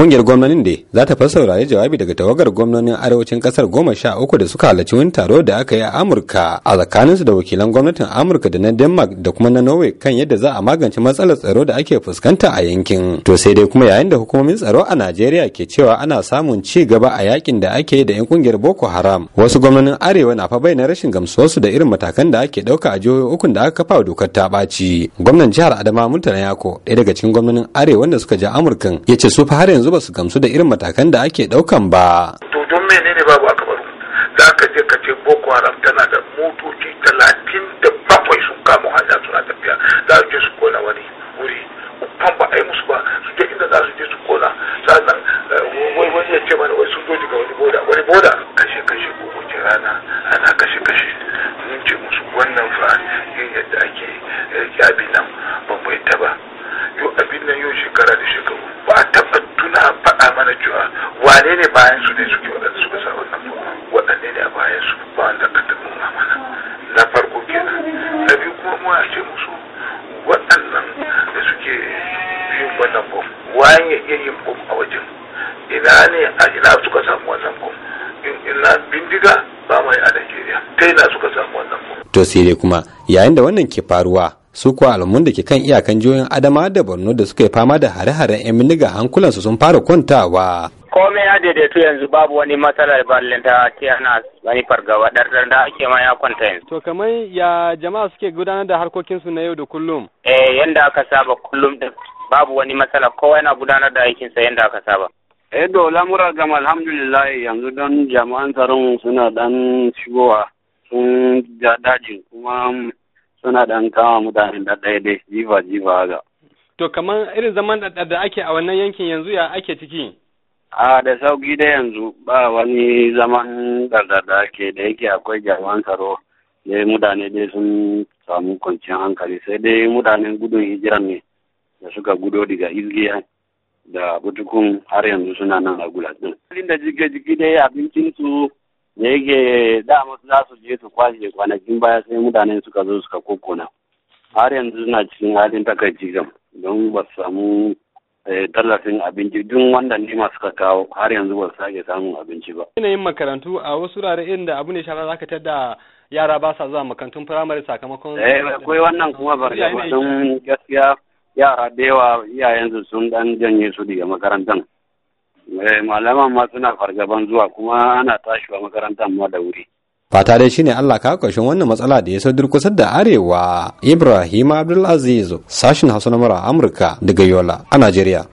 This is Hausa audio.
kungiyar gwamnonin da za ta saurari jawabi daga tawagar gwamnonin arewacin kasar goma sha uku da suka halarci wani taro da aka yi a Amurka a tsakaninsu da wakilan gwamnatin Amurka da na Denmark da kuma na Norway kan yadda za a magance matsalar tsaro da ake fuskanta a yankin. To sai dai kuma yayin da hukumomin tsaro a Najeriya ke cewa ana samun ci gaba a yakin da ake yi da 'yan ƙungiyar Boko Haram. Wasu gwamnonin arewa na fa bayyana rashin su da irin matakan da ake ɗauka a jihohi ukun da aka kafa dokar ta ɓaci. Gwamnan jihar Adama Murtala Yako ɗaya daga cikin gwamnonin arewa da suka je Amurkan ya ce su fa har yanzu yanzu ba su gamsu da irin matakan da ake daukan ba. To don menene babu aka baro? Za ka je ka ce Boko Haram tana da motoci talatin da bakwai sun kama hanya suna tafiya za su je su kona wani wuri. Uban ba a yi musu ba su je inda za su je su kona. Sannan eh, wai wani ya ce mana wai sun zo daga wani boda wani boda kashe kashe ko wace rana ana kashe kashe. Mun ce musu wannan fa yin yadda ake eh, yabi nan wane ne bayan su ne suke wadanda suka sa wannan waɗanne ne a bayan su ba wanda ka taɓa mana na farko kenan na biyu kuma mu a ce musu waɗannan da suke yin wannan bom wayan ya iya yin bom a wajen ina ne a ina suka samu wannan bom ina bindiga ba mai a Najeriya ta ina suka samu wannan bom. To sai dai kuma yayin da wannan ke faruwa su kuwa alamun da ke kan iyakan jihohin adama da borno da suka yi fama da hare-haren 'yan bindiga hankulansu sun fara kwantawa komai ya daidaitu yanzu babu wani matsalar ballin ta ce ana wani fargaba ɗarɗar da ake ma ya kwanta yanzu. To kamar ya jama'a suke gudanar da harkokinsu na yau da kullum? Eh yanda aka saba kullum da babu wani matsala kowa yana gudanar da aikinsa yanda aka saba. Eh to lamura gama alhamdulillah yanzu don jama'an tsaron suna dan shigowa sun ja dajin kuma suna dan kama mutane da daidai, jiba jifa jifa haka. To kamar irin zaman da ake a wannan yankin yanzu ya ake ciki? A da sauki da yanzu ba wani zaman ɗarɗar da da yake akwai jami'an karo da mutane dai sun samu kwanciyar hankali sai dai mutanen gudun hijiran ne da suka gudo daga izgiya da butukun har yanzu suna nan a gulatin Halin da jike jige dai abincin su da yake dama za su je su kwashe kwanakin baya sai mutane suka zo suka kokona. Har yanzu suna cikin halin takaici don ba su samu Eh, tallafin abinci duk wanda nema suka kawo har yanzu ba su sake samun abinci ba. Yanayin makarantu a wasu wurare inda da abu ne shara za ka tada yara ba sa zuwa makarantun firamare sakamakon. Eh akwai wannan kuma ba don gaskiya yara da yawa iyayensu sun dan janye su daga makarantan. Eh, malaman ma suna fargaban zuwa kuma ana tashi wa makarantar ma da wuri. fata dai shine Allah ka ƙarshen wannan matsala da ya so durkusar da arewa Ibrahim Abdulaziz sashin Hausa na Amurka daga Yola a Najeriya